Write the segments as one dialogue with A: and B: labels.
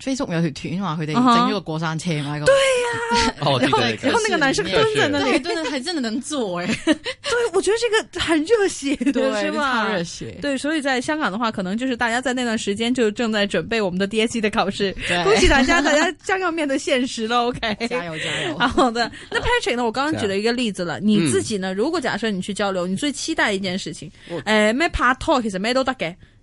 A: Facebook
B: 有條團話佢哋整一個過山車嘛，對呀，
A: 然後然後那個男生蹲在那係真的係真的能坐誒，對我覺得這個很熱血，對，是嘛，對，所以在香港的話，可能就是大家在那段時間就正在準備我們的 DSE 的考試，恭喜大家，大家將要面對現實了，OK，加油加油，好的，那 Patrick 呢？我剛剛舉了一個例子了，你自己呢？如果假設你去交流，你最期待一件事情，誒咩拍拖，其實咩都得嘅。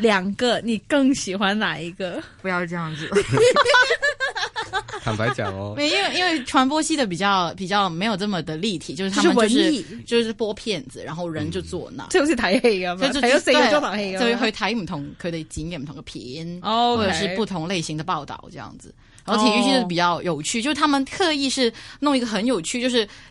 A: 兩個，你更喜歡哪一個？不要這樣子，
C: 坦白講哦。沒，
A: 因為因為傳播係的比較比較
B: 沒有這麼的立體，就是他們就是,是就是播片子，然後人就坐那，就、嗯、好似睇戲咁，睇咗四個鐘頭戲咁。所以佢睇、哦、唔同佢哋剪嘅唔同嘅片，oh, okay. 或者是不同類型的報道這樣子。然後體育係的比較有趣，oh. 就是他們特意是弄一個很有趣，就是。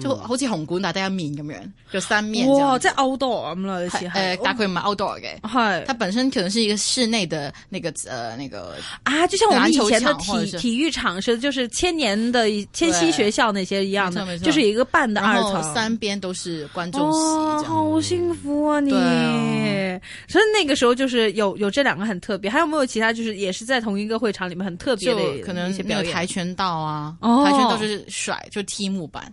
B: 就好似紅館大家一面咁樣，
A: 就三面這。哇！即 outdoor 咁、嗯、啦，
B: 好似係。誒、嗯，但佢唔係 outdoor 嘅，係，它本身可能是一個室內的那個呃那個，呃那個、啊，就像我們以前的體體
A: 育場是就是千年的一千禧學校那些一樣的，就是一個半的二層，然後三邊都是觀眾席。哇、哦！好幸福啊你。對哦、所以那個時候就是有有這兩個很特別，還有沒有其他？就是也是在同一個會場裏面很特別的一些表演，可能有跆拳道啊，哦、跆拳道就是
B: 甩就踢木板。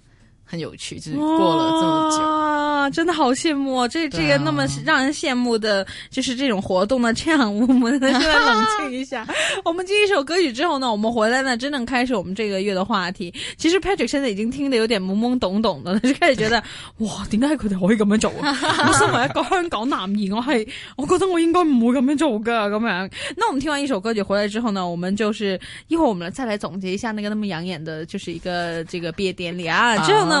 B: 很有趣，就是過了這麼
A: 久，啊、真的好羨慕哦，這這個那麼讓人羨慕的，就是這種活動呢。這樣我們呢， 來冷靜一下。 我們聽一首歌曲之後呢，我們回來呢，真正開始我們這個月的話題。其實 Patrick 現在已經聽得有點懵懵懂懂的了， 就開始覺得 哇，點解佢哋可以咁樣做？我身為一個香港男兒，我係，我覺得我應該唔會咁樣做噶。咁樣，那我們聽完一首歌曲回來之後呢，我們就是一會兒我們再來總結一下那個那麼養眼的，就是一個這個畢業典禮啊。 之後呢。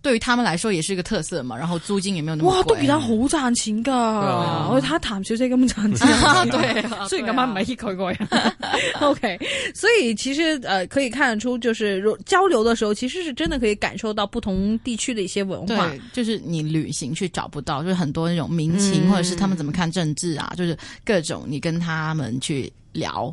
B: 對於他們來說也是一個特色嘛，然後租金也沒有
A: 那麼貴。哇，都比他好賺錢噶！我睇譚小姐根本賺錢。對、啊，雖然今晚唔係依佢個。啊啊、 o、okay, K，所以其實呃，可以看得出，就是交流的時候，其實是真的可以感受到不同地區的一些文化。對，
B: 就是你旅行去找不到，就是很多那種民情，嗯、或者是他們怎麼看政治啊，就是各種你跟他們去聊。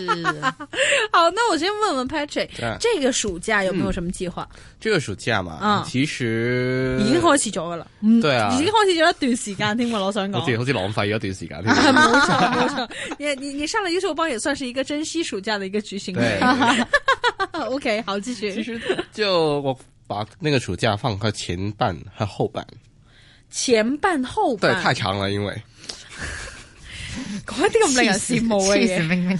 A: 好，那我先問問 Patrick，這個暑假有沒有什麼計劃？
C: 這個暑假嘛，其實已經開始咗了。嗯，對啊，已經
A: 開始咗一段時間，聽嘛，我想講，這
C: 好似浪費了一段時間。沒錯，沒錯，
A: 你你你上了藝術班也算是一個珍惜暑假的一個舉行。對，OK，好，繼續。其實
C: 就我把那個暑假放開前半和後半，
A: 前半後半對太
C: 長了，因為
A: 講
D: 一啲咁令人羨慕嘅嘢。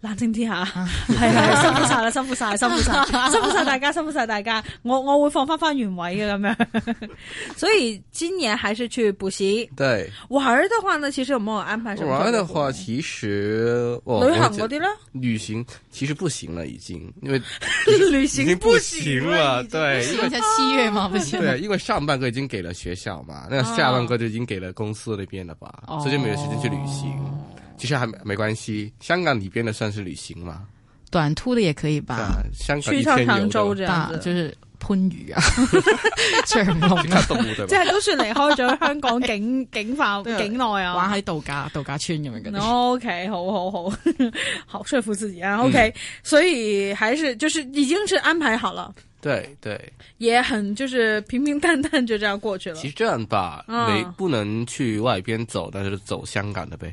A: 冷靜啲吓，係係辛苦晒了，辛苦晒，辛苦晒，辛苦晒大家，辛苦晒大家，我我會放翻翻原位嘅咁樣，所以今年還是去補習。對，玩的話呢，其實有沒有安排？玩的
C: 話，其實我旅行嗰啲啦，旅行其實不行了，已經因為旅行已經不行了，對，因為七月嘛，不行，對，因為上半個已經給了學校嘛，那下半個就已經給了公司那邊了吧，所以就沒有時間去旅行。其實還沒沒關係，香港裏邊的算是旅行嘛，
B: 短途的也可以吧。吧香港一去趟長洲這樣子，就是番禺啊，長隆動物的吧？即係
A: 都算離開咗香港境境範境內啊，玩喺度假度假村咁樣嘅。O、okay, K，好好好， 好說服自己啊。O、okay, K，、嗯、所以還是就是已經是安排好了。
C: 對對，
A: 對也很就是平平淡淡就這樣過
C: 去了。其實這樣吧，嗯、沒不能去外邊走，但是走香港的唄。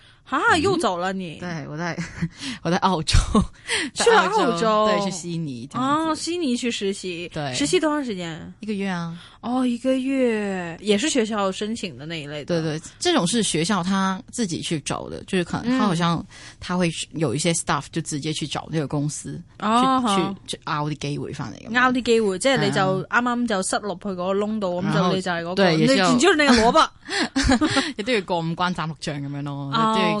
A: 啊！又走了你？對，我在，
B: 我在澳洲，去了澳洲，對，去悉尼，
A: 哦，悉尼去實習，對，實習多長時間？一個月啊？哦，一個月也是學校申請的那一類的。
B: 對對，這種是學校他自己去找的，就是可能他好像他會有一些 staff，就直接去找那個公司去去 out 啲機會翻嚟。
A: out 啲機會，即係你就啱啱就塞落去個窿度，咁就你就係嗰個，對只知你個蘿卜，
B: 你都要過五關斬六將咁樣咯。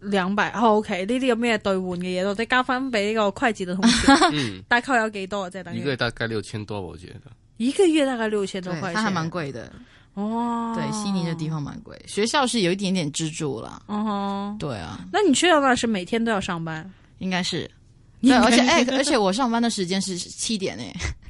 A: 兩百，OK，呢啲有咩兌換嘅嘢，我哋交翻俾呢個會計嘅同事。 嗯，大概有幾多啊？即係等於一個
C: 月大概六千多，我覺得。
A: 一個月大概六千多塊錢，還蠻貴的。哇、哦、對，悉尼
B: 的地方蠻貴，學校是有一點點資助啦。哦、
A: uh，huh、對啊，那你去到嗰時每天都要上班，應該是，
B: 對而且誒、 欸，而且我上班的時間是七點誒。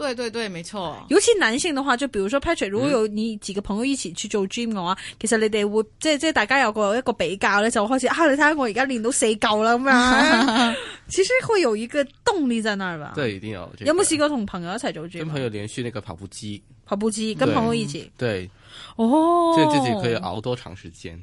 A: 對對對，沒錯。尤其男性的話，就比如說 Patrick，如果有你幾個朋友一起去做 gym 嘅話，嗯、其實你哋會即係即係大家有個一個比較咧，就開始啊，你睇下我而家練到四舊啦嘛。 其實會有一個動力在那吧。對，一定要有，
C: 這個。有冇有試
A: 過同朋友一齊做 gym？跟朋
C: 友連續那個跑步機。
A: 跑步機，對跟朋友一起。對。哦。即係，oh. 自己可
C: 以熬多長時間？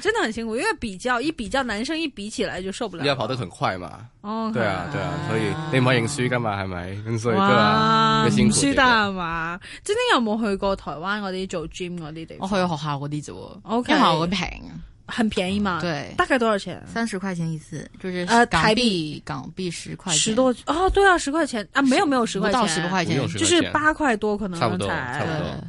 A: 真的很辛苦，因為比較一比較，男生一比起來就受不了。你要跑得很快嘛？哦，對啊，
C: 對啊，所以你唔可以認輸噶嘛，係咪？所以對啊，你先輸的
A: 係嘛？今天有沒有去過台灣嗰啲做 gym 嗰啲地方？我去
B: 學校嗰啲啫，學校嗰啲平啊
A: 很便宜嘛。對，大概多少錢？三十塊錢一次，就是呃台幣港幣十塊錢，十多哦，對啊，十塊錢啊，沒有沒有十塊錢，不到十塊錢，就是八塊多可能。差不多，差不多。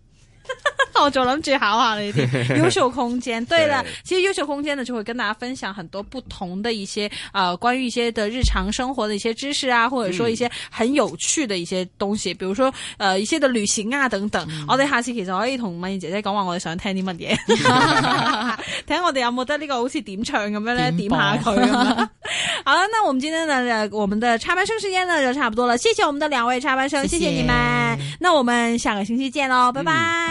A: 我就諗住考下、嗯， 優秀空間。對了，對，其實優秀空間呢，就會跟大家分享很多不同的一些啊、呃，關於一些的日常生活的一些知識啊，或者說一些很有趣的一些東西，比如說呃一些的旅行啊等等。我哋下次其實可以同曼妮姐姐講講我哋想聽啲乜嘢，睇下我哋有冇得呢個好似點唱咁樣咧，點下佢好啦，那我們今天呢、呃，我們的插班生時間呢就差不多了。謝謝我們的兩位插班生，謝謝，謝謝你們。那我們下個星期見嘍，拜拜。嗯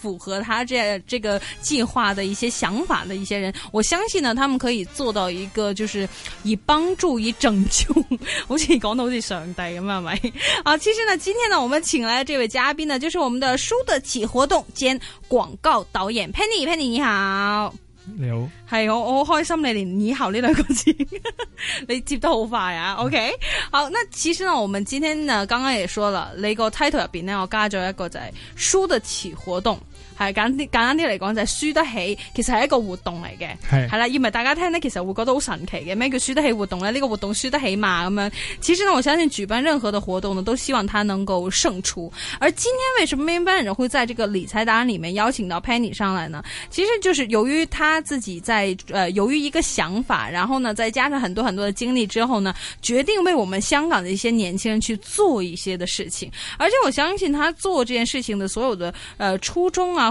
A: 符合他這這個計劃的一些想法的一些人，我相信呢，他們可以做到一個就是以幫助、以拯救， 好似講到好似上帝咁樣係咪？啊， 其實呢，今天呢，我們請來嘅這位嘉賓呢，就是我們的“輸得起”活動兼廣告導演 Penny，Penny 你好，你好，係我我好開心你連你好呢兩個字， 你接得好快啊，嗯，OK？好，那其實呢，我們今天呢，剛剛也說了，你個 title 入邊呢，我加咗一個就係、是“輸得起”活動。簡單啲簡單啲嚟講，就係輸得起，其實係一個活動嚟嘅，係啦是，因為大家聽呢，其實會覺得好神奇嘅，咩叫輸得起活動呢？呢個活動輸得起嘛咁樣？其實呢，我相信舉辦任何的活動呢，都希望他能夠勝出。而今天為什麼 Money Man 會在這個理財達人裏面邀請到 Penny 上來呢？其實就是由於他自己在，呃，由於一個想法，然後呢，再加上很多很多的經歷之後呢，決定為我們香港的一些年輕人去做一些的事情。而且我相信他做這件事情的所有的，呃，初衷啊。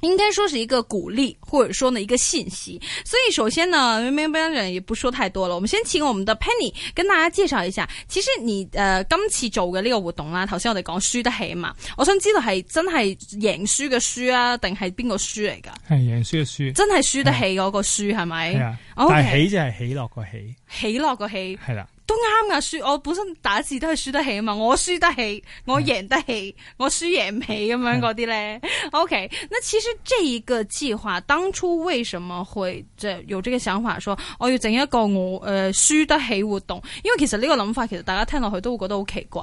A: 應該說是一個鼓勵，或者說呢一個信息。所以首先呢，咩咩咩也不說太多了。我們先請我們的 Penny 跟大家介紹一下，其實你誒、呃、今次做嘅呢個活動啦。頭先我哋講輸得起嘛，我想知道係真係贏輸嘅輸啊，定係邊個輸嚟噶？
E: 係贏輸嘅輸，真係
A: 輸得起嗰個輸係咪？係啊，但起
E: 就係起落個起，
A: 起落個起係啦。都啱噶、啊，輸我本身打字都係輸得起啊嘛，我輸得起，我贏得起，嗯、我輸贏唔起咁樣嗰啲咧。嗯、o、okay, K，那其實這一個計劃，當初為什麼會即有這個想法，說我要整一個我誒輸、呃、得起活動？因為其實呢個諗法，其實大家聽落去都會覺得好奇怪。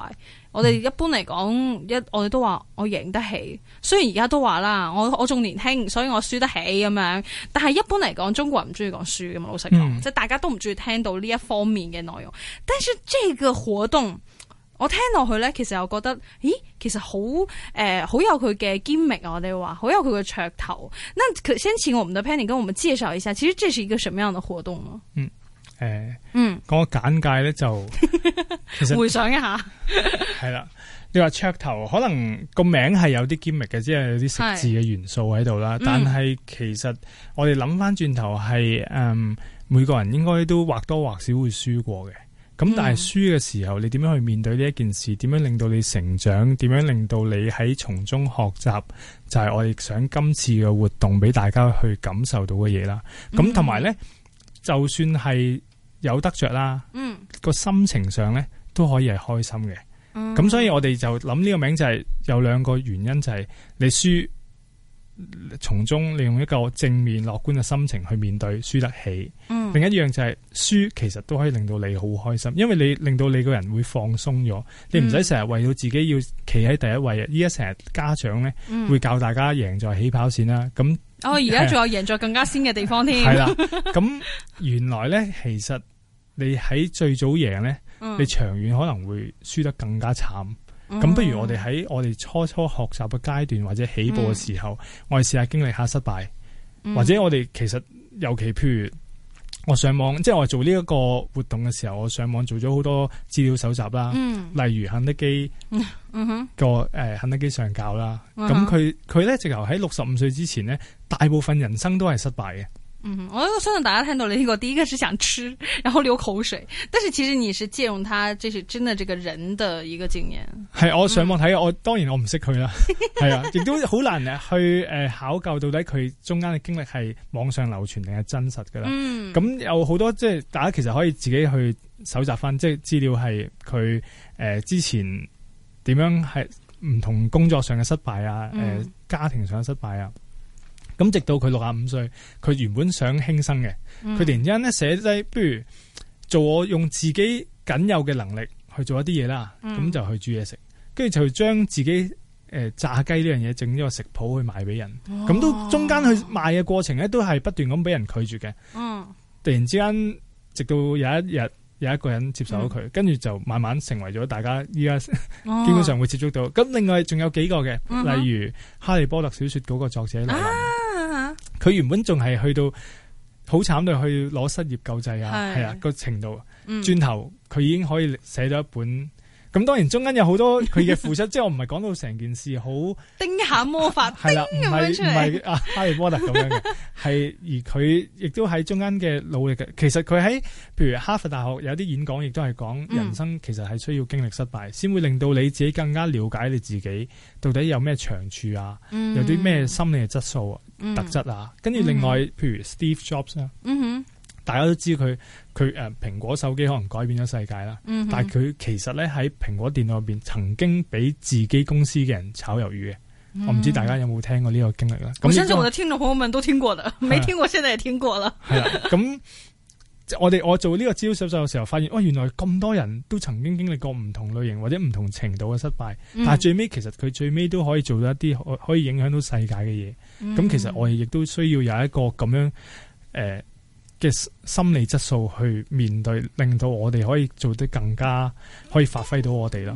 A: 我哋一般嚟講，一我哋都話我贏得起，雖然而家都話啦，我我仲年輕，所以我輸得起咁樣。但係一般嚟講，中國人唔中意講輸噶嘛，老實講，即係、嗯、大家都唔中意聽到呢一方面嘅內容。但係呢個活動，我聽落去呢，其實我覺得，咦，其實好誒，好、呃、有佢嘅 gimmick 啊！我哋話好有佢嘅噱頭。嗱，先前我哋嘅 Penny 跟我們介紹一下，其實這是一個什麼樣的活動啊？嗯
E: 誒，呃、嗯，講個簡介咧就，其實 回
A: 想一下，
E: 係啦，你話噱頭可能個名係有啲 gimmick 嘅，即、就、係、是、有啲食字嘅元素喺度啦。但係其實我哋諗翻轉頭係，嗯，每個人應該都或多或少會輸過嘅。咁但係輸嘅時候，你點樣去面對呢一件事？點、嗯、樣令到你成長？點樣令到你喺從中學習？就係、是、我哋想今次嘅活動俾大家去感受到嘅嘢啦。咁同埋咧。就算係有得着啦，
D: 嗯，
E: 個心情上呢都可以係開心嘅，咁、嗯、所以我哋就諗呢個名就係有兩個原因，就係、是、你輸，從中利用一個正面樂觀嘅心情去面對，輸得起。另一樣就係輸，其實都可以令到你好開心，因為你令到你個人會放鬆咗，你唔使成日為到自己要企喺第一位。依家成日家長咧、嗯、會教大家贏在起跑線啦、啊。咁哦，而家仲
A: 有贏在更加先嘅地方添。係啦的，
E: 咁 原來咧，其實你喺最早贏咧，嗯、你長遠可能會輸得更加慘。咁、嗯、不如我哋喺我哋初初學習嘅階段或者起步嘅時候，嗯、我哋試下經歷下失敗，嗯、或者我哋其實尤其譬如。我上網，即係我做呢一個活動嘅時候，我上網做咗好多資料搜集啦。嗯、例如肯德基、
D: 嗯、
E: 哼個誒、欸、肯德基上校啦，咁佢佢咧，直頭喺六十五歲之前呢，大部分人生都係失敗嘅。
A: 嗯，我相信大家聽到呢，這個第一個是想吃，然後流口水。但是其實你是借用他，這是真的這個人的一個經驗。
E: 係我上網睇，嗯、我當然我唔識佢啦。係 啊，亦都好難去誒考究，到底佢中間嘅經歷係網上流傳定係真實噶啦。咁、嗯、有好多即係大家其實可以自己去搜集翻，即係資料係佢誒之前點樣係唔同工作上嘅失敗啊，誒、嗯、家庭上嘅失敗啊。咁直到佢六十五歲，佢原本想輕生嘅，佢突然之間咧寫低，不如做我用自己僅有嘅能力去做一啲嘢啦，咁、嗯、就去煮嘢食，跟住就將自己誒炸雞呢樣嘢整咗個食譜去賣俾人，咁、哦、都中間去賣嘅過程咧都係不斷咁俾人拒絕嘅。哦、突然之間，直到有一日有一個人接受咗佢，跟住、嗯、就慢慢成為咗大家依家基本上會接觸到。咁、哦、另外仲有幾個嘅，嗯、哼例如《哈利波特》小說嗰個作者。啊佢原本仲係去到好慘到去攞失業救濟啊，係啊個程度，轉、嗯、頭佢已經可以寫咗一本。咁當然中間有好多佢嘅付出， 即係我唔係講到成件事好
A: 丁下魔法，
E: 係啦、啊，唔係唔係啊， 啊哈利波特咁樣嘅，係而佢亦都喺中間嘅努力嘅。其實佢喺譬如哈佛大學有啲演講，亦都係講人生其實係需要經歷失敗，先、嗯、會令到你自己更加了解你自己到底有咩長處啊，有啲咩心理嘅質素啊。特質啊，跟住另外，嗯、譬如 Steve Jobs 啊，嗯、哼大家都知佢佢誒，蘋果手機可能改變咗世界啦。嗯、哼但係佢其實咧喺蘋果電腦入邊，曾經俾自己公司嘅人炒魷魚嘅。嗯、我唔知大家有冇聽過呢個經歷啦。咁，相信我嘅
A: 聽眾朋友們都聽過的，嗯、哼沒聽過現在也聽過了。係
E: 啦的，咁。 即我哋我做呢個招手秀嘅時候，發現哦原來咁多人都曾經經歷過唔同類型或者唔同程度嘅失敗，嗯、但係最尾其實佢最尾都可以做到一啲可以影響到世界嘅嘢。咁、嗯、其實我哋亦都需要有一個咁樣誒嘅、呃、心理質素去面對，令到我哋可以做得更加可以發揮到我哋啦。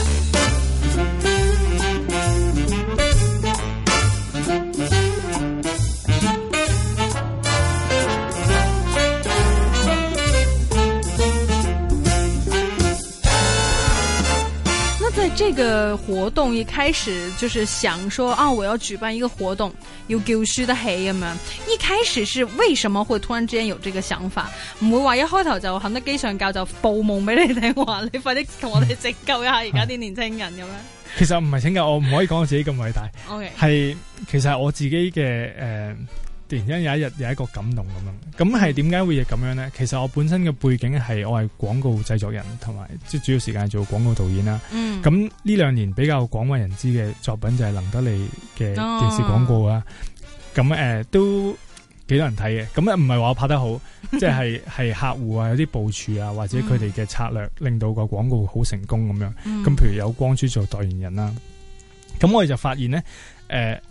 A: 活動一開始就是想說，啊，我要舉辦一個活動，要叫輸得起。」咁樣，一開始是為什麼會突然之間有這個想法？唔會話一開頭就肯德基上教就報夢俾你聽，話你快啲同我哋拯救一下而家啲年輕人咁樣、嗯。
E: 其實唔係拯救，我唔可以講我自己咁偉大。係， 其實我自己嘅誒。呃突然之間有一日有一個感動咁樣，咁係點解會咁樣咧？其實我本身嘅背景係我係廣告製作人同埋，即係主要時間係做廣告導演啦。咁呢、嗯、兩年比較廣為人知嘅作品就係林德利嘅電視廣告啊。咁誒、呃、都幾多人睇嘅，咁啊唔係話我拍得好， 即係係客戶啊有啲部署啊或者佢哋嘅策略令到個廣告好成功咁樣。咁、嗯、譬如有光洙做代言人啦，咁我哋就發現咧，誒、呃。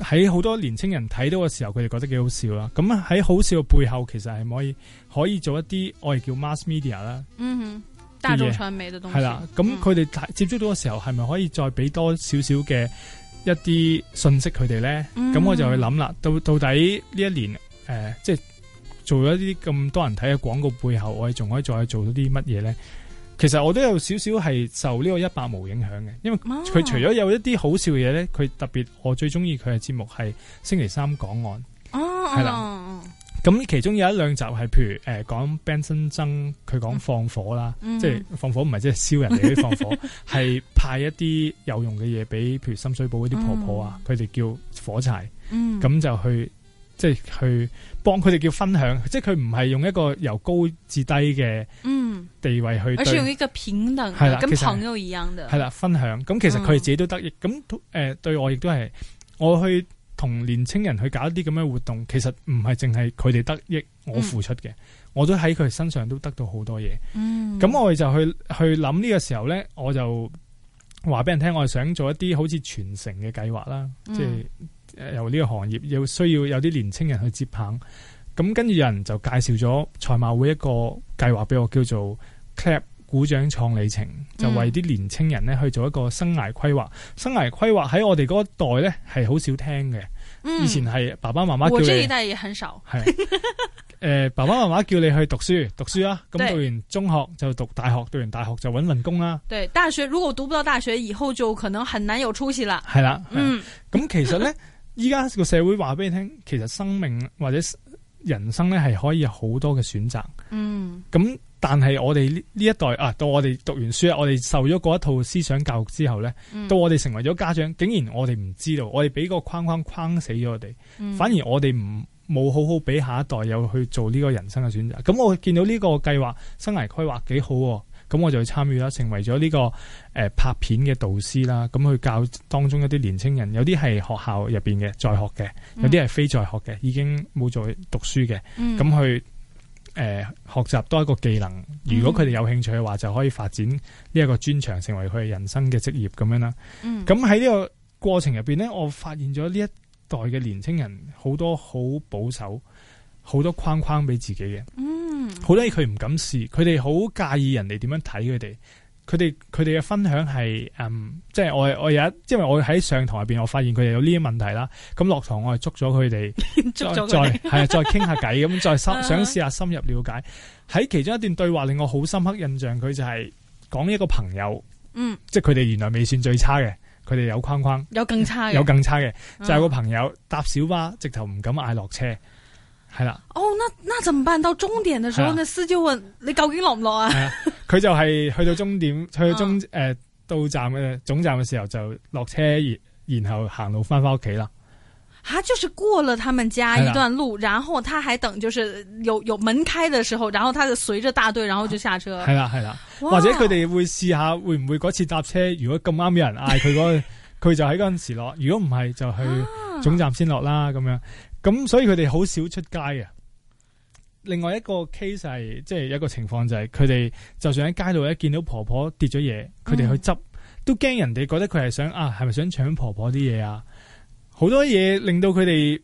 E: 喺好多年青人睇到嘅時候，佢哋覺得幾好笑啦。咁喺好笑嘅背後，其實係可以可以做一啲我哋叫 mass media 啦。嗯哼，的
D: 大眾傳媒嘅東西係啦。咁
E: 佢哋接觸到嘅時候，係咪可以再俾多少少嘅一啲信息佢哋咧？咁、嗯、哼我就去諗啦。到到底呢一年誒、呃，即係做咗啲咁多人睇嘅廣告背後，我哋仲可以再做到啲乜嘢咧？其實我都有少少係受呢個一百毛影響嘅，因為佢除咗有一啲好笑嘅嘢咧，佢、啊、特別我最中意佢嘅節目係星期三港案，
D: 係、啊、啦。
E: 咁其中有一兩集係，譬如誒講 Benson 曾，佢、呃、講放火啦，嗯、即係放火唔係即係燒人哋啲放火，係 派一啲有用嘅嘢俾，譬如深水埗嗰啲婆婆啊，佢哋、嗯、叫火柴，咁、嗯、就去即係去。幫佢哋叫分享，即係佢唔係用一個由高至低嘅地位去，嗯，而是用一
A: 個平等，咁啦朋友一樣嘅，係啦，
E: 分享，咁其實佢哋自己都得益，咁誒、嗯、對我亦都係，我去同年青人去搞一啲咁嘅活動，其實唔係淨係佢哋得益，我付出嘅，嗯、我都喺佢身上都得到好多嘢。咁、嗯、我哋就去去諗呢個時候咧，我就話俾人聽，我係想做一啲好似傳承嘅計劃啦，嗯、即係。由呢個行業又需要有啲年青人去接棒，咁跟住人就介紹咗賽馬會一個計劃俾我，叫做 CLAP 鼓掌創里程，就為啲年青人呢去做一個生涯規劃。生涯規劃喺我哋嗰一代呢係好少聽嘅，嗯、以前係爸爸媽媽叫你，我這一代也很少係誒，啊、 爸爸媽媽叫你去讀書，讀書啦、啊，咁讀完中學就讀大學，讀完大學就揾份工啦、
A: 啊。對，大學如果讀唔到大學，以後就可能很難有出息啦。
E: 係啦、啊，咁、嗯啊、其實呢。 依家個社會話俾你聽，其實生命或者人生咧係可以有好多嘅選擇。嗯，咁但係我哋呢呢一代啊，到我哋讀完書，我哋受咗嗰一套思想教育之後咧，嗯、到我哋成為咗家長，竟然我哋唔知道，我哋俾個框框框死咗我哋，嗯、反而我哋唔冇好好俾下一代有去做呢個人生嘅選擇。咁我見到呢個計劃，生涯規劃幾好、啊。咁我就去參與啦，成為咗呢、這個誒、呃、拍片嘅導師啦，咁去教當中一啲年青人，有啲係學校入邊嘅在學嘅，嗯、有啲係非在學嘅，已經冇再讀書嘅，咁去誒學習多一個技能。如果佢哋有興趣嘅話，嗯、就可以發展呢一個專長，成為佢人生嘅職業咁樣啦。咁喺呢個過程入邊呢，我發現咗呢一代嘅年青人好多好保守，好多框框俾自己嘅。嗯好多嘢佢唔敢試，佢哋好介意人哋點樣睇佢哋，佢哋佢哋嘅分享係，嗯，即係我我有一，因為我喺上堂入邊，我發現佢哋有呢啲問題啦，咁落堂我係捉咗佢哋，捉咗，係啊， 再傾下偈，咁再深 想試下深入了解。喺其中一段對話令我好深刻印象，就是，佢就係講一個朋友，嗯，即係佢哋原來未算最差嘅，佢哋有框框，有
A: 更差嘅， 有更
E: 差嘅， 就係、是、個朋友搭小巴直頭唔敢嗌落車。係啦，
A: 哦，那那怎麼辦？到終點嘅時候，的那司機問你究竟落唔落啊？
E: 佢就係去到終點，去到終誒、呃、到站嘅總站嘅時候就落車，然後行路翻翻屋企啦。
A: 吓，就是過了他們家一段路，的然後他還等，就是有有門開的時候，然後他就隨着大隊，然後就下車。係啦
E: 係啦，哇或者佢哋會試下會唔會嗰次搭車，如果咁啱有人嗌佢，那個，佢 就喺嗰陣時落；如果唔係，就去總站先落啦，咁樣。咁所以佢哋好少出街啊。另外一個 case 係即係一個情況就係佢哋就算喺街度一見到婆婆跌咗嘢，佢哋去執、嗯、都驚人哋覺得佢係想啊，係咪想搶婆婆啲嘢啊？好多嘢令到佢哋。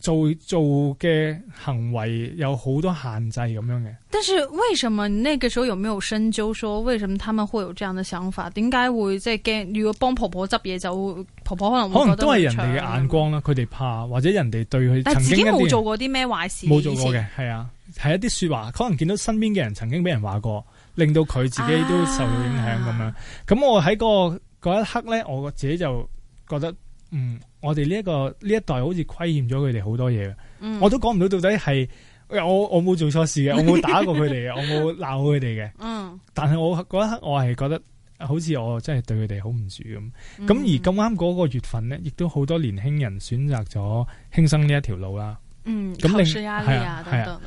E: 做做嘅行為有好多限制咁樣嘅。
A: 但是為什麼那個時候有沒有深究說，說為什麼他們會有這樣嘅想法？點解會即係驚？如果幫婆婆執嘢，就會婆婆可能會可能都係人哋
E: 嘅眼光啦。佢哋吧怕，或者人哋對佢。但係自己冇做過
A: 啲咩壞事，冇做過嘅
E: 係啊，係一啲說話。可能見到身邊嘅人曾經俾人話過，令到佢自己都受到影響咁、啊、樣。咁我喺、那個嗰一刻咧，我自己就覺得。嗯，我哋呢一個呢一代好似虧欠咗佢哋好多嘢嘅。嗯、我都講唔到到底係我，我冇做錯事嘅，我冇打過佢哋嘅， 我冇鬧佢哋嘅。嗯，但係我嗰一刻我係覺得好似我真係對佢哋好唔住咁。咁、嗯、而咁啱嗰個月份呢，亦都好多年輕人選擇咗輕生呢一條路啦。嗯、
D: 咁你係呀，係
E: 呀。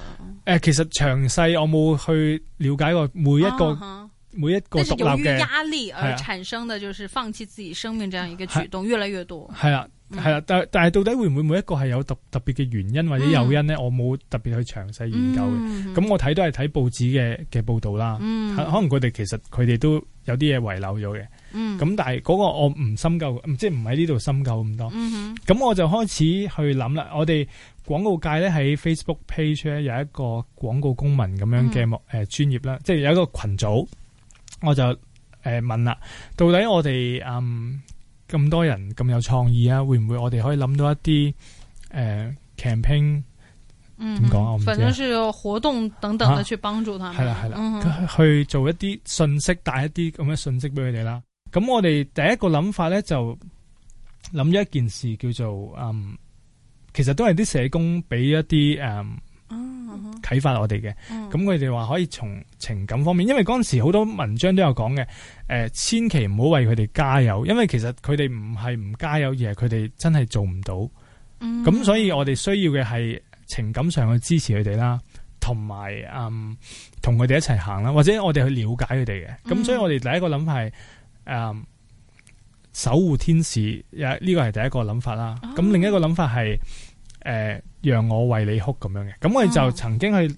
E: 誒，其實詳細我冇去了解過每一個。啊啊每一個獨立嘅壓力而產
A: 生嘅就係放棄自己生命這樣一個舉動越嚟越多，係啊，係啊，
E: 是啊嗯、但係但係到底會唔會每一個係有特特別嘅原因或者誘因呢？嗯、我冇特別去詳細研究咁、嗯嗯、我睇都係睇報紙嘅嘅報道啦。嗯、可能佢哋其實佢哋都有啲嘢遺漏咗嘅。咁、嗯、但係嗰個我唔深究，即係唔喺呢度深究咁多。咁、嗯、我就開始去諗啦。我哋廣告界咧喺 Facebook page 咧有一個廣告公民咁樣嘅誒專業啦，嗯、即係有一個群組。我就誒、呃、問啦，到底我哋嗯咁多人咁有創意啊，會唔會我哋可以諗到一啲誒 camping 點講啊？反正
A: 是活動等等嘅去幫助佢哋。係啦係啦，嗯、
E: 哼去做一啲信息，帶一啲咁嘅信息俾佢哋啦。咁我哋第一個諗法咧就諗咗一件事叫做嗯，其實都係啲社工俾一啲誒。嗯啟發我哋嘅，咁佢哋話可以從情感方面，因為嗰陣時好多文章都有講嘅，誒、呃，千祈唔好為佢哋加油，因為其實佢哋唔係唔加油，而係佢哋真係做唔到，咁、嗯、所以我哋需要嘅係情感上去支持佢哋啦，同埋嗯，同佢哋一齊行啦，或者我哋去了解佢哋嘅，咁所以我哋第一個諗法，係、嗯「守護天使，呢、呢個係第一個諗法啦，咁另一個諗法係。嗯誒、呃，讓我為你哭咁樣嘅，咁我哋就曾經去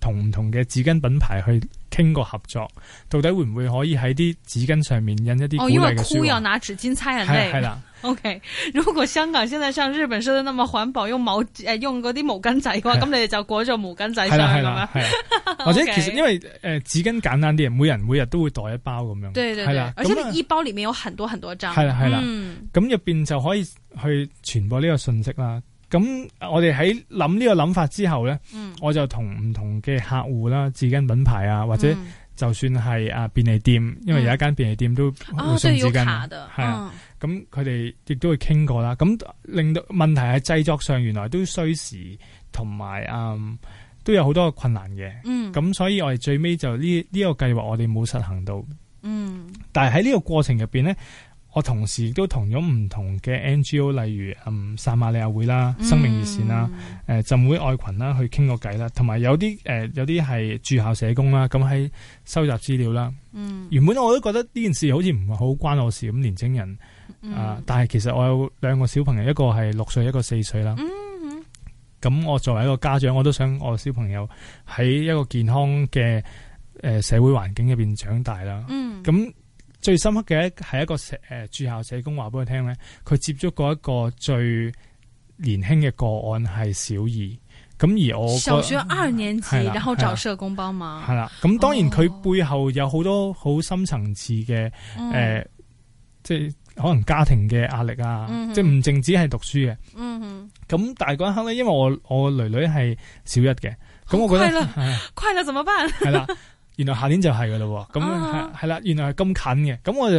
E: 同唔同嘅紙巾品牌去傾過合作，到底會唔會可以喺啲紙巾上面印一啲？哦，因為哭要拿
A: 紙巾擦眼淚。係啦、啊啊、，OK。如果香港現在像日本說得那麼環保，用毛誒用嗰啲毛巾仔嘅話，咁、啊、你哋就改咗毛巾仔上去。係啦係或者其實因為
E: 誒紙、呃、巾簡單啲，每人每日都會袋一包咁樣。對，對對。係啦、啊，而且你
A: 一包裏面有很多很多張。係啦係啦，
E: 咁入邊就可以去傳播呢個信息啦。咁我哋喺諗呢個諗法之後咧，嗯、我就同唔同嘅客戶啦、紙巾品牌啊，嗯、或者就算係啊便利店，嗯、因為有一間便利店都送紙巾啊，咁佢哋亦都會傾過啦。咁令到問題係製作上原來都需時，同埋啊都有好多困難嘅。嗯，咁所以我哋最尾就呢呢個計劃我哋冇實行到。嗯，但係喺呢個過程入邊咧。我同時亦都同咗唔同嘅 NGO，例如嗯撒馬利亞會啦、生命熱線啦、誒、mm hmm. 浸會愛群啦，去傾個偈啦。同埋有啲有啲係、呃、住校社工啦，咁喺收集資料啦。Mm hmm. 原本我都覺得呢件事好似唔係好關我事咁，年青人、
D: mm hmm.
E: 啊。但係其實我有兩個小朋友，一個係六歲，一個四歲啦。咁、mm hmm. 我作為一個家長，我都想我小朋友喺一個健康嘅社會環境入邊長大啦。咁、mm。Hmm. 最深刻嘅一係一個社誒、呃、住校社工話俾我聽咧，佢接觸過一個最年輕嘅個案係小二，咁而我小學
A: 二年級、嗯、的然後找社工幫忙係
E: 啦，咁、嗯、當然佢背後有好多好深層次嘅誒、哦呃，即係可能家庭嘅壓力啊，嗯、哼即係唔淨止係讀書嘅，咁、嗯、哼但係嗰一刻咧，因為我我女女係小一嘅，咁我覺得快樂
D: 快
A: 樂怎麼辦係啦。
E: 原來下年就係噶咯，咁係啦，原來係咁近嘅，咁我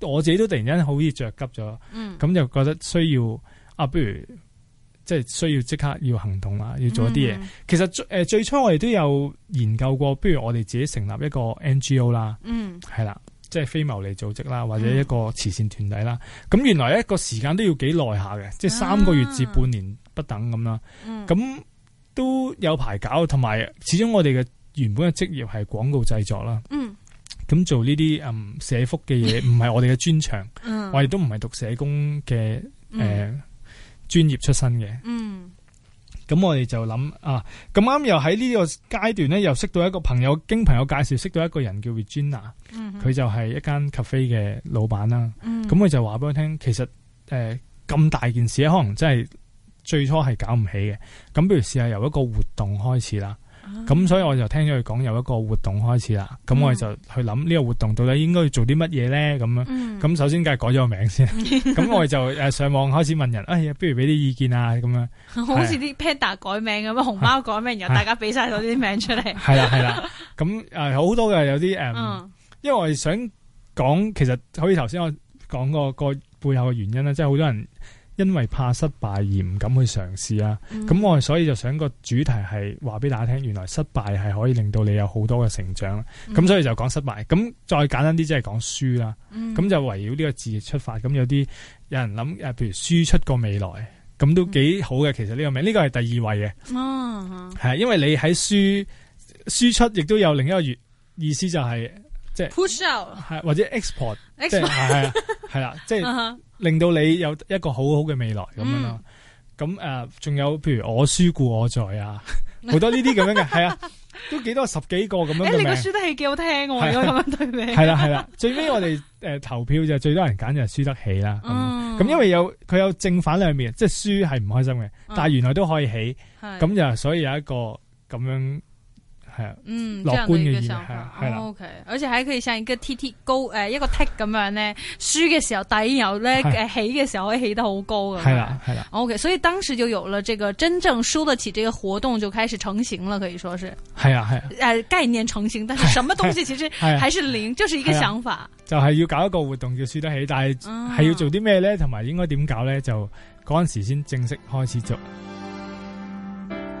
E: 就我自己都突然間好似着急咗，咁就、嗯、覺得需要啊，不如即係需要即刻要行動啦，要做一啲嘢。嗯嗯其實最誒最初我哋都有研究過，不如我哋自己成立一個 NGO 啦，嗯，係啦，即係非牟利組織啦，或者一個慈善團體啦。咁、嗯、原來一個時間都要幾耐下嘅，即係三個月至半年不等咁啦，咁都、啊嗯、有排搞，同埋始終我哋嘅。原本嘅職業係廣告製作啦，咁、嗯、做呢啲嗯社福嘅嘢唔係我哋嘅專長，嗯、我哋都唔係讀社工嘅誒、呃嗯、專業出身嘅。咁、嗯、我哋就諗啊，咁啱又喺呢個階段咧，又識到一個朋友，經朋友介紹識到一個人叫 Virginia 佢就係一間 cafe 嘅老闆啦。咁佢、嗯、就話俾我聽，其實誒咁、呃、大件事可能真係最初係搞唔起嘅。咁不如試下由一個活動開始啦。咁所以我就聽咗佢講有一個活動開始啦，咁我哋就去諗呢個活動到底應該要做啲乜嘢咧？咁樣，咁首先梗係改咗個名先，咁我哋就誒上網開始問人，哎呀，不如俾啲意見啊咁樣，好似啲
A: panda 改名咁啊，熊貓改名，然後大家俾晒咗啲名出嚟，係啦係啦，
E: 咁誒好多嘅有啲誒，因為我想講其實好似頭先我講個個背後嘅原因咧，即係好多人。因為怕失敗而唔敢去嘗試啊，咁、嗯、我哋所以就想個主題係話俾大家聽，原來失敗係可以令到你有好多嘅成長，咁、嗯、所以就講失敗，咁再簡單啲即係講輸啦，咁、嗯、就圍繞呢個字出發，咁有啲有人諗誒，譬如輸出個未來，咁都幾好嘅，其實呢個名，呢、呢個係、呢個、第二位嘅，哦、啊，係、
D: uh
E: huh，因為你喺輸輸出亦都有另一個意意思就係即係
A: push out，係
E: 或者 export, export，即係係啊，係啦， 即係。即係 uh huh. 令到你有一個好好嘅未來咁樣咯，咁誒、嗯嗯，仲有譬如我輸故我在啊，好多呢啲咁樣嘅，係 啊，都幾多十幾個咁樣誒、欸，你個輸
A: 得起幾好聽喎，如咁、啊、樣對你。係啦係
E: 啦，最尾我哋誒投票就最多人揀就係輸得起啦。咁、嗯、因為有佢有正反兩面，即係輸係唔開心嘅，嗯、但係原來都可以起，咁就的所以有一個咁樣。係啊，嗯，樂觀嘅想法，係啦，O
A: K，而且還可以像一個 T T 高誒，一個 tick 咁樣咧，輸嘅時候底，然後咧起嘅時候可以起得好高啊，係啦係啦，O K，所以當時就有了這個真正輸得起，這個活動就開始成型了，可以說是，係啊係啊，誒概念成型，但是什麼東西其實還是零，就是一個想法，
E: 就係要搞一個活動要輸得起，但係係要做啲咩咧，同埋應該點搞咧，就嗰陣時先正式開始做。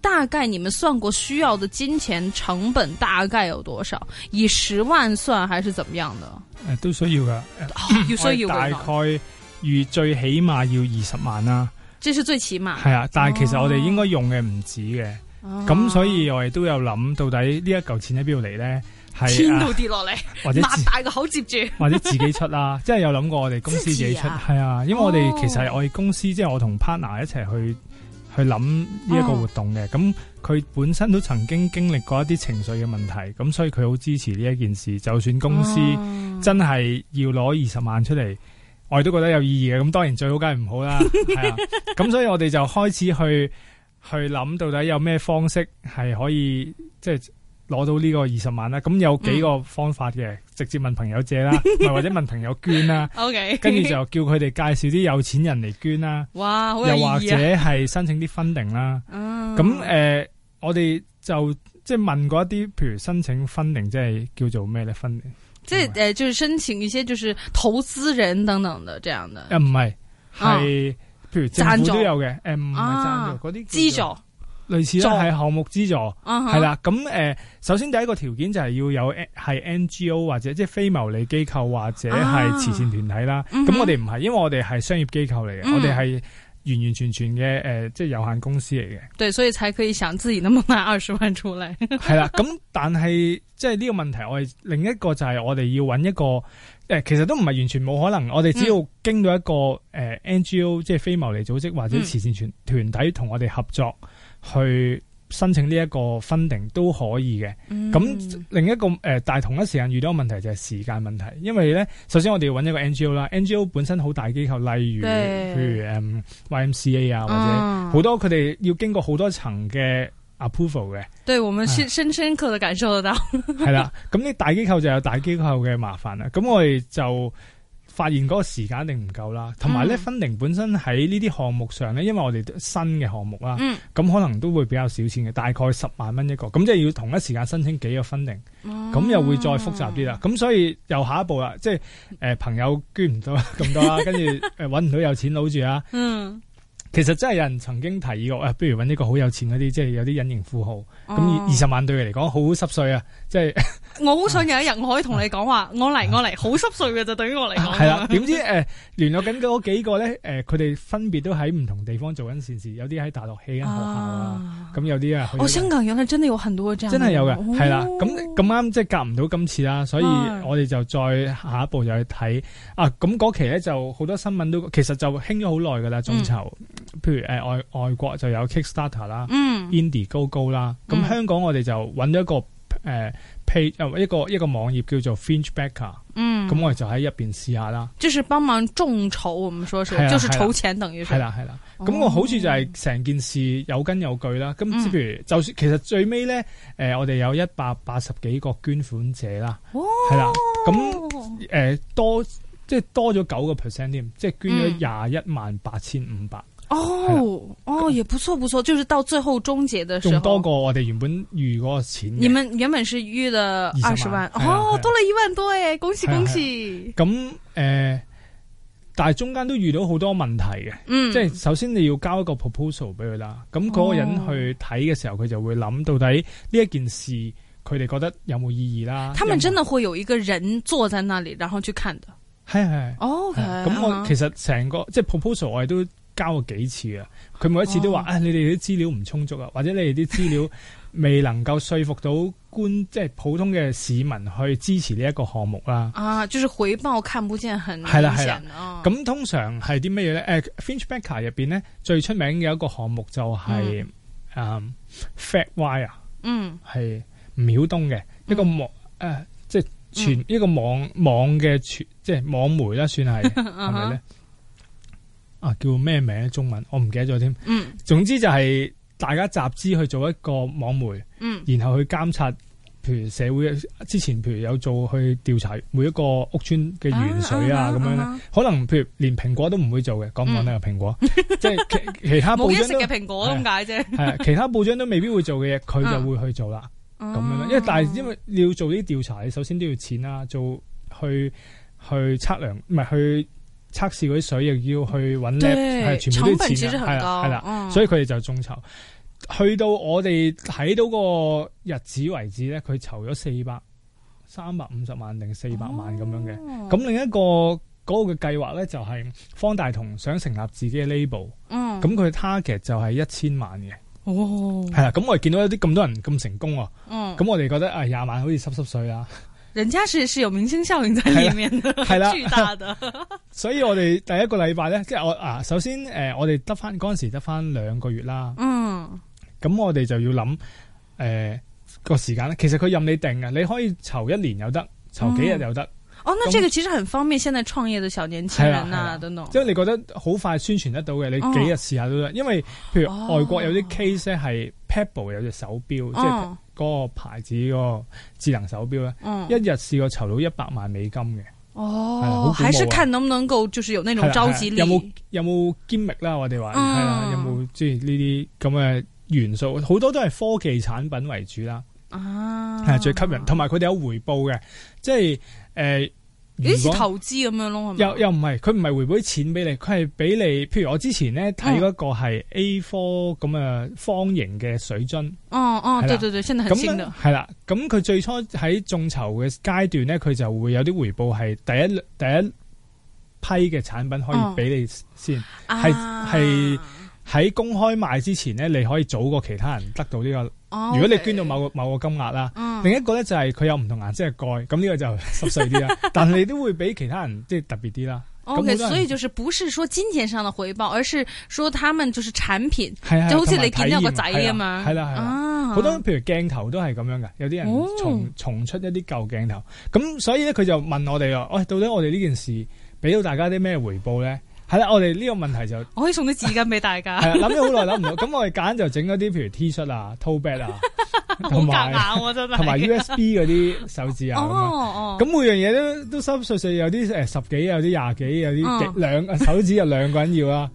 A: 大概你們算過需要的金錢成本大概有多少？以十萬算還是怎麼樣的？
E: 誒，都需要噶，要需要大概預最起碼要二十萬啦。
A: 即係最起碼。係啊，
E: 但係其實我哋應該用嘅唔止嘅，
A: 咁所
E: 以我哋都有諗到底呢一嚿錢喺邊度嚟咧？係天度
A: 跌落嚟，或者擘大個口接住，或者
E: 自己出啦。即係有諗過我哋公司自己出，係啊，因為我哋其實我哋公司即係我同 partner 一齊去。去諗呢一個活動嘅，咁佢本身都曾經經歷過一啲情緒嘅問題，咁所以佢好支持呢一件事。就算公司真係要攞二十萬出嚟，我哋都覺得有意義嘅。咁當然最好梗係唔好啦，係 啊。咁所以我哋就開始去去諗到底有咩方式係可以即係攞到呢個二十萬啦。咁有幾個方法嘅。嗯直接問朋友借啦，唔係或者問朋友捐啦。
D: OK，跟住就
E: 叫佢哋介紹啲有錢人嚟捐啦。哇，
D: 好有意義啊！又或者係
E: 申請啲分定啦。哦，咁誒，我哋就即係問過一啲，譬如申請 funding，即係叫做咩咧？funding
A: 即係誒，就申請一些，就是投資人等等嘅。這樣的。啊，唔係，係譬如
E: 贊助都有嘅，誒唔係贊助，嗰啲資助。類似咧係項目資助係啦，咁誒、uh huh. 呃，首先第一個條件就係要有係 N G O 或者即係非牟利機構或者係慈善團體啦。咁、uh huh. 我哋唔係，因為我哋係商業機構嚟嘅，uh huh. 我哋係完完全全嘅誒、呃，即係有限公司嚟嘅。
A: 對，所以才可以想自己咁賣二十萬出嚟係啦。
E: 咁 但係即係呢個問題，我哋另一個就係我哋要揾一個誒、呃，其實都唔係完全冇可能。我哋只要經到一個誒 N G O 即係非牟利組織或者慈善團團體同我哋合作。Uh huh. 去申請呢一個 funding 都可以嘅，咁、嗯、另一個誒、呃，但係同一時間遇到個問題就係時間問題，因為咧首先我哋要揾一個 NGO 啦，NGO 本身好大機構，例如對譬如、嗯、YMCA 啊，或者好多佢哋、嗯、要經過好多層嘅 approval 嘅。
A: 對，我們深深深刻嘅感受得到。
E: 係啦、嗯，咁呢 大機構就有大機構嘅麻煩啦，咁我哋就。發現嗰個時間一定唔夠啦，同埋咧分零本身喺呢啲項目上咧，因為我哋新嘅項目啦，咁、嗯、可能都會比較少錢嘅，大概十萬蚊一個，咁即係要同一時間申請幾個分零，咁、哦、又會再複雜啲啦。咁所以又下一步啦，即係、呃、朋友捐唔到咁多啦，跟住搵唔到有錢攞住啊。嗯、其實真係有人曾經提議過啊，不如搵一個好有錢嗰啲，即係有啲隱形富豪，咁二十萬對佢嚟講好，好濕碎啊！即係，就是、
A: 我好想有一日我可以同你講話，啊啊、我嚟我嚟，好濕、啊、碎嘅就對於我嚟講係啦。點、啊、
E: 知誒，聯、呃、絡緊嗰幾個咧，誒、呃，佢哋分別都喺唔同地方做緊善事，有啲喺大陸起學校啊，咁有啲啊。我香
A: 港人係真係有恨到、哦嗯、這真係有嘅，係啦。
E: 咁咁啱即係夾唔到今次啦，所以我哋就再下一步就去睇啊。咁嗰期咧就好多新聞都，其實就興咗好耐㗎啦。眾籌，嗯、譬如誒、呃、外外國就有 Kickstarter 啦、嗯，go go, 啊、嗯 IndieGoGo 啦。咁香港我哋就揾咗一個。誒，譬、呃、一個一個網頁叫做 Finchbacker，嗯，咁我哋就喺入邊試下啦。
A: 就是幫忙眾籌，我們說是，是啊、就是籌錢等於。係啦係啦，咁我、啊啊哦、好處
E: 就係成件事有根有據啦。咁、嗯，即譬如，就算其實最尾咧，誒、呃，我哋有一百八十幾個捐款者啦，係啦、哦，咁誒、啊呃、多即係多咗九個 percent 添，即係捐咗廿一萬八千五百。
A: 哦，哦，也不錯，不錯，就是到最後終結的時候，仲多
E: 過我哋原本預嗰個錢。你
A: 們原本是預了二十萬，哦，多了一萬多誒，恭喜恭喜！
E: 咁誒，但係中間都遇到好多問題嘅，嗯，即係首先你要交一個 proposal 俾佢啦，咁嗰個人去睇嘅時候，佢就會諗到底呢一件事，佢哋覺得有冇意義啦。他們真
A: 的會有一個人坐在那裡，然後去看的。
E: 係係
D: 哦，咁我其
E: 實成個即係 proposal，我哋都。交過幾次啊？佢每一次都話，啊、哦哎，你哋啲資料唔充足啊，或者你哋啲資料未能夠説服到官， 即係普通嘅市民去支持呢一個項目啦。
A: 啊，就是回報看唔見很、啊，很係啦係啦。
E: 咁通常係啲咩嘢咧？誒、哎、FringeBacker 入邊咧最出名嘅一個項目就係誒 FactWire 啊，嗯，係吳曉東嘅、嗯、一個網誒、呃，即係全，嗯、一個網網嘅傳，即係網媒啦，算係係咪咧？啊，叫咩名中文我唔記得咗添。嗯，總之就係大家集資去做一個網媒，嗯、然後去監察，譬如社會之前譬如有做去調查每一個屋村嘅鉛水啊咁、啊啊、樣咧，啊啊、可能譬如連蘋果都唔會做嘅，講唔講得啊蘋果？即係其 其，其他報章一嘅蘋果咁解啫。係啊，啊，其他報章都未必會做嘅嘢，佢就會去做啦。咁、啊、樣，因為但係因為要做啲調查，你首先都要錢啊，做去去測量，唔係去。測試嗰啲水，又要去揾 lab 係對全部都係錢，係啦，係啦，嗯、所以佢哋就眾籌。去到我哋睇到個日子為止咧，佢籌咗四百三百五十萬定四百萬咁樣嘅。咁、哦、另一個嗰、嗰個嘅計劃咧，就係方大同想成立自己嘅 label、嗯。咁佢 target 就係一千萬嘅。哦，係啦。咁我哋見到有啲咁多人咁成功咁、嗯、我哋覺得啊，廿、哎、萬好似濕濕碎啊。
A: 人家是是有明星效應在裏面的，係啦，巨大
D: 的。
E: 所以我哋第一個禮拜咧，即係我啊，首先誒、呃，我哋得翻嗰陣時得翻兩個月啦。
D: 嗯，
E: 咁我哋就要諗誒、呃、個時間咧。其實佢任你定嘅，你可以籌一年又得，籌幾日又得。嗯
A: 哦，那這個其實很方便，現在創業的小年輕人啊，等等，即
E: 係你覺得好快宣傳得到嘅，你幾日試下都得。因為譬如外國有啲 case 係 Pebble 有隻手表，即係嗰個牌子嗰個智能手表咧，一日試過籌到一百萬美金嘅。哦，還是
A: 看能唔能夠，就是有那種召集力。有冇
E: 有冇 gimmick 啦？我哋話，有冇即係呢啲咁嘅元素？好多都係科技產品為主啦。啊，係最吸引，同埋佢哋有回報嘅，即係誒。好似投
A: 資咁樣咯，又
E: 又唔係，佢唔係回報啲錢俾你，佢係俾你。譬如我之前咧睇嗰個係 A4 咁啊方形嘅水樽，
A: 哦哦，哦對了對對，真係很鮮啦，
E: 係啦。咁佢最初喺眾籌嘅階段咧，佢就會有啲回報係第一第一批嘅產品可以俾你先，係係喺公開賣之前咧，你可以早過其他人得到呢、這個。.如果你捐到某個某個金額啦，Okay. 另一個咧就係佢有唔同顏色嘅蓋，咁呢、嗯、個就濕碎啲啦。 但係你都會俾其他人，即係特別啲啦。咁、 okay. 所以
A: 就係唔係說金錢上嘅回報，而是說他們就是產品，對對對，就好似你見到個仔嘅嘛。係啦係啦，好多
E: 譬如鏡頭都係咁樣噶，有啲人重、哦、重出一啲舊鏡頭，咁所以咧佢就問我哋話：喂、哎，到底我哋呢件事俾到大家啲咩回報咧？係啦，我哋呢個問題就，
A: 我可以送啲紙巾俾大家。係諗咗好
E: 耐，諗唔到。咁 我哋揀就整嗰啲，譬如 T 恤啊、tote bag、e、
D: 啊，好夾 有硬喎真係同埋 USB
E: 嗰啲手指啊，咁、oh, oh. 每樣嘢都都濕碎碎，有啲誒十幾，有啲廿幾，有啲兩、oh. 手指有兩個人要啦、啊，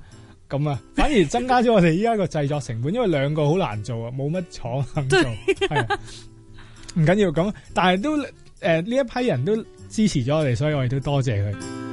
E: 咁啊，反而增加咗我哋依家個製作成本， 因為兩個好難做啊，冇乜廠肯做。係唔緊要咁，但係都誒呢、呃、一批人都支持咗我哋，所以我哋都多謝佢。嗯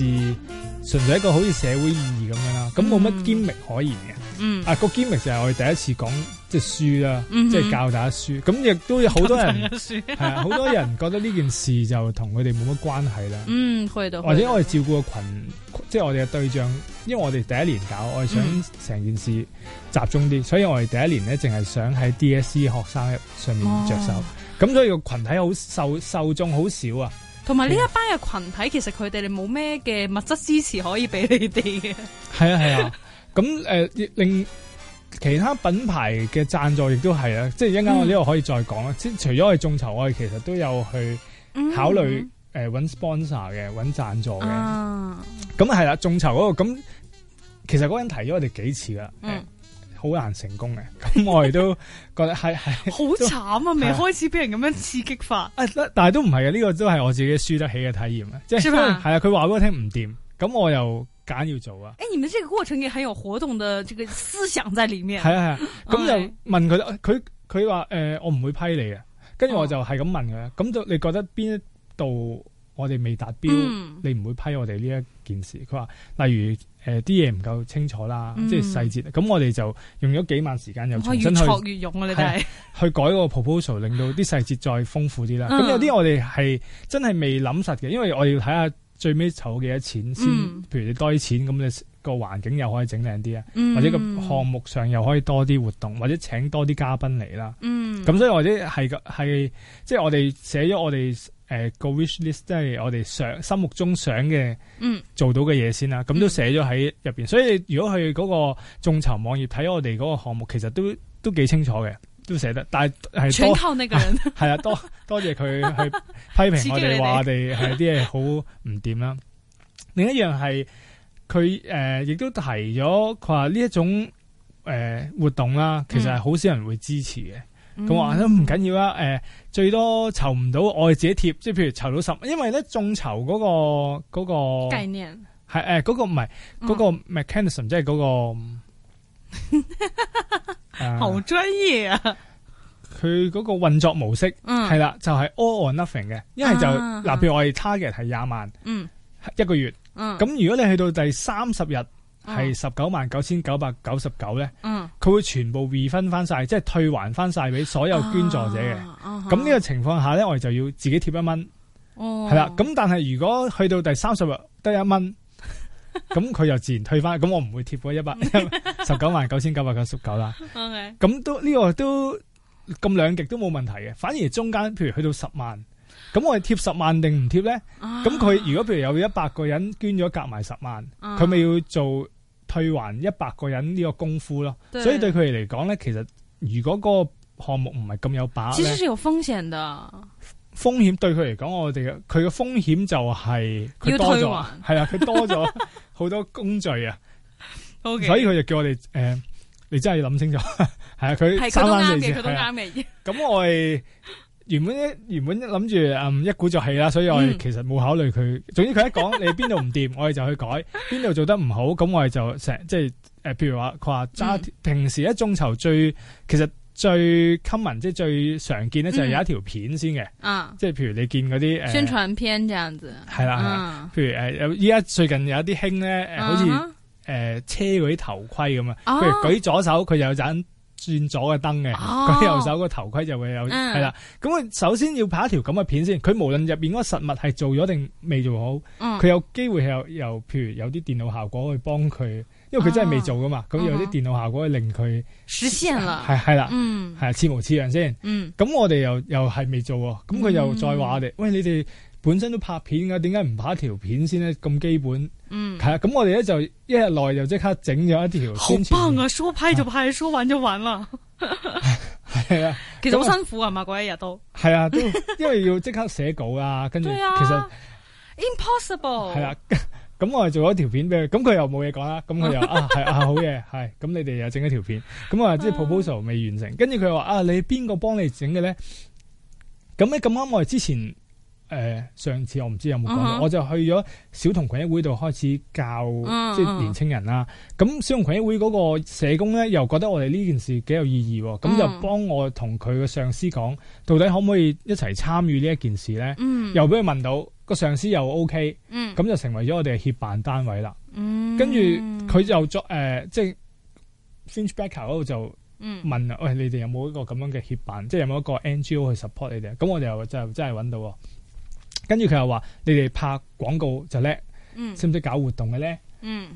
E: 是純粹一個好似社會意義咁樣啦，咁冇乜 g 力可言嘅。嗯，啊、那個 g 就係我哋第一次講即係書啦，即、就、係、是嗯、哼教大家書。咁亦都有好多人
A: 係啊，好多人
E: 覺得呢件事就同佢哋冇乜關係啦。嗯，
A: 去到或者我哋
E: 照顧個群，即、就、係、是、我哋嘅對象，因為我哋第一年搞，我哋想成件事集中啲，嗯、所以我哋第一年咧淨係想喺 DSC 學生上面着手。咁、哦、所以個群體好受受眾好少啊。
A: 同埋呢一班嘅群體，的其實佢哋冇咩嘅物質支持可以俾你哋
E: 嘅的。係啊係啊，咁誒令其他品牌嘅贊助亦都係啊，即係一陣間我呢度可以再講啦。即、嗯、除咗我哋眾籌，我哋其實都有去考慮揾 sponsor 嘅揾贊助嘅。咁係啦，眾籌嗰、嗰個咁，其實嗰個人提咗我哋幾次啦。嗯好難成功嘅，咁我亦都覺得係係好
A: 慘啊！未開始俾人咁樣刺激
E: 法，但係都唔係啊，呢、這個都係我自己輸得起嘅體驗啊！即係係啊，佢話俾我聽唔掂，咁我又揀要做啊！
A: 誒、欸，你們這個過程也很有活動的這個思想在裏
D: 面。係啊係啊，咁 就
E: 問佢啦，佢佢話誒，我唔會批你啊。跟住我就係咁問佢，咁就、哦、你覺得邊一度我哋未達標，嗯、你唔會批我哋呢一件事？佢話例如。誒，啲嘢唔夠清楚啦，嗯、即係細節。咁我哋就用咗幾晚時間又重新去，可以越挫越勇啊！你是 去改個 proposal，令到啲細節再豐富啲啦。咁、嗯、有啲我哋係真係未諗實嘅，因為我哋要睇下最尾籌幾多錢先，嗯、譬如你多啲錢咁，你、個環境又可以整靚啲啊，嗯、或者個項目上又可以多啲活動，或者請多啲嘉賓嚟啦。咁、嗯、所以或者係係，即係我哋寫咗我哋。誒、呃、個 wish list 即係我哋想心目中想嘅、嗯、做到嘅嘢先啦，咁都寫咗喺入邊，嗯、所以如果去嗰個眾籌網頁睇我哋嗰個項目，其實都都幾清楚嘅，都寫得。但係全靠呢個人係啊，啊，多 多謝佢去批評我哋話 你 我哋係啲嘢好唔掂啦。另一樣係佢誒亦都提咗佢話呢一種誒、呃、活動啦，其實係好少人會支持嘅。佢話都唔緊要啦，誒、嗯，最多籌唔到我哋自己貼，即係譬如籌到十，因為咧眾籌嗰個嗰個概念係誒嗰個唔係嗰個 mechanism，即係嗰個好
A: 專業啊！
E: 佢嗰個運作模式係啦，就係 all or nothing 嘅，一係就，嗱譬如我哋 target 係廿萬，嗯，一個月，嗯，咁、嗯、如果你去到第三十日。係十九萬九千九百九十九咧，佢，oh. 會全部 refund 翻晒，即係退還翻晒俾所有捐助者嘅。咁呢，oh. uh huh. 個情況下咧，我哋就要自己貼一蚊。
D: 係啦，oh.，
E: 咁但係如果去到第三十日得一蚊，咁佢又自然退翻，咁我唔會貼嗰一百十九萬九千九百九十九啦。咁都呢個都咁兩極都冇問題嘅，反而中間譬如去到十萬，咁我哋貼十萬定唔貼咧？咁佢，oh. 如果譬如有一百個人捐咗夾埋十萬，佢咪，uh huh. 要做？退還一百個人呢個功夫咯，對所以對佢哋嚟講咧，其實如果個項目唔係咁有把握，其實係
A: 有風險嘅。
E: 風險對佢嚟講，我哋嘅佢嘅風險就係佢多咗，係啊，佢多咗好多工序啊， Okay. 所以佢就叫我哋誒、呃，你真係要諗清楚，係 啊，佢三番四次，係咁我。原本一原本諗住嗯一鼓作氣啦，所以我哋其實冇考慮佢。嗯、總之佢一講你邊度唔掂， 我哋就去改邊度做得唔好，咁我哋就成即係誒、呃嗯啊，譬如話佢話揸平時一眾籌最其實最 common，即係最常見咧，就係有一條片先嘅，即係譬如你見嗰啲宣傳
A: 片這樣子係啦，嗯、
E: 譬如誒依家最近有一啲興咧，好似誒、uh huh 呃、車嗰啲頭盔咁啊，譬如舉左手佢就有盞。轉左嘅燈嘅，咁、哦、右手個頭盔就會有，係啦、嗯。咁佢首先要拍一條咁嘅片先，佢無論入邊嗰個實物係做咗定未做好，佢、嗯、有機會係由，譬如有啲電腦效果去幫佢，因為佢真係未做噶嘛，咁、啊啊、有啲電腦效果去令佢實現啦係係啦，係、啊嗯、似模似樣先。咁、嗯、我哋又又係未做喎，咁佢又再話我哋，嗯、喂，你哋本身都拍片噶，點解唔拍一條片先咧？咁基本。
A: 嗯，
F: 係啊，
E: 咁我哋咧就一日內就即刻整咗一條。好
A: 棒啊，說拍就拍，說玩就玩啦。
E: 係啊，其實好辛
A: 苦啊嘛，嗰一日都。
E: 係啊，都因為要即刻寫稿啊跟住其實
A: impossible。係啊，
E: 咁我哋做咗條片畀佢，咁佢又冇嘢講啦，咁佢又啊係啊好嘢，係咁你哋又整咗條片，咁我話即係 proposal 未完成，跟住佢又話啊你邊個幫你整嘅咧？咁咧咁啱我哋之前。誒、呃、上次我唔知有冇講到，uh huh. 我就去咗小童群益會度開始教即係、uh huh. 年青人啦。咁、uh huh. 小童群益會嗰個社工咧，又覺得我哋呢件事幾有意義，咁、uh huh. 就幫我同佢嘅上司講，到底可唔可以一齊參與呢一件事咧？Uh huh. 又俾佢問到個上司又 O K，咁就成為咗我哋嘅協辦單位啦。Uh huh. 跟住佢就作即係、呃就是、Finchbacker 嗰度就問：喂、uh huh. 哎，你哋有冇一個咁樣嘅協辦？即、就、係、是、有冇一個 N G O 去 support 你哋？咁我哋又就真係揾到。跟住佢又話：你哋拍廣告就叻，識唔識搞活動嘅咧？嗯，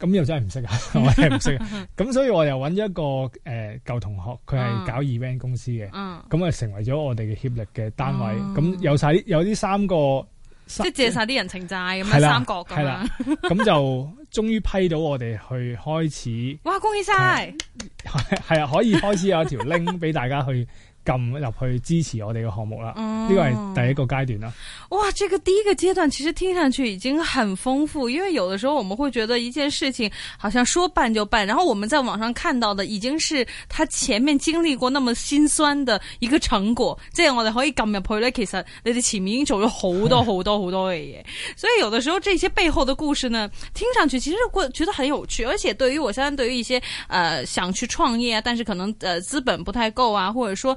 E: 咁又真係唔識啊！我哋唔識啊！咁所以我又揾咗一個誒舊同學，佢係搞 event 公司嘅，咁啊成為咗我哋嘅協力嘅單位。咁有曬有啲三個，
A: 即係借晒啲人情債咁樣三角咁啦，
E: 咁就終於批到我哋去開始。
A: 哇！恭喜晒！
E: 係啊，可以開始有條 link 俾大家去。撳入去支持我哋嘅項目啦，呢個係第一個階段啦。
A: 哇，這個第一個階段其實聽上去已經很豐富，因為有的時候我們會覺得一件事情好像說辦就辦，然後我們在網上看到的已經是他前面經歷過那麼心酸的一個成果，即係我哋可以撳入去咧。其實你哋前面已經做咗好多好多好多嘅嘢，的所以有的時候這些背後的故事呢，聽上去其實會覺得很有趣，而且對於我，相信對於一些，呃想去創業啊，但是可能誒資本不太夠啊，或者說。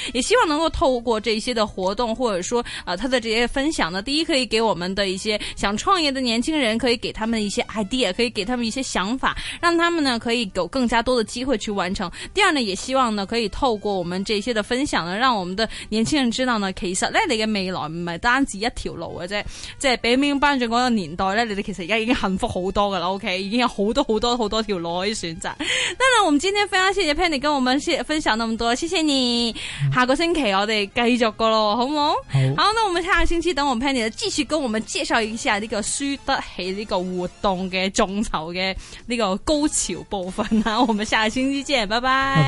A: 也希望能夠透過這些的活動，或者說啊、呃、他的這些分享呢，第一可以給我們的一些想創業的年輕人，可以給他們一些 idea，可以給他們一些想法，讓他們呢可以有更加多的機會去完成。第二呢，也希望呢可以透過我們這些的分享呢，讓我們的年輕人知道呢，其實呢你的未來唔係單止一條路啊啫。即係俾啱頒長嗰個年代呢，你哋其實而家已經幸福好多噶啦，OK，已經有好多好多好多條路可以選擇。當然，我們今天非常謝謝 Penny 跟我們謝分享那麼多，謝謝你。下個星期我哋繼續噶咯，好唔好？好，好，那我們下個星期等我們 Penny 繼續跟我們介紹一下呢個輸得起呢個活動嘅眾籌嘅呢個高潮部分啊！我們下個星期見，拜拜，拜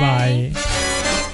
E: 拜。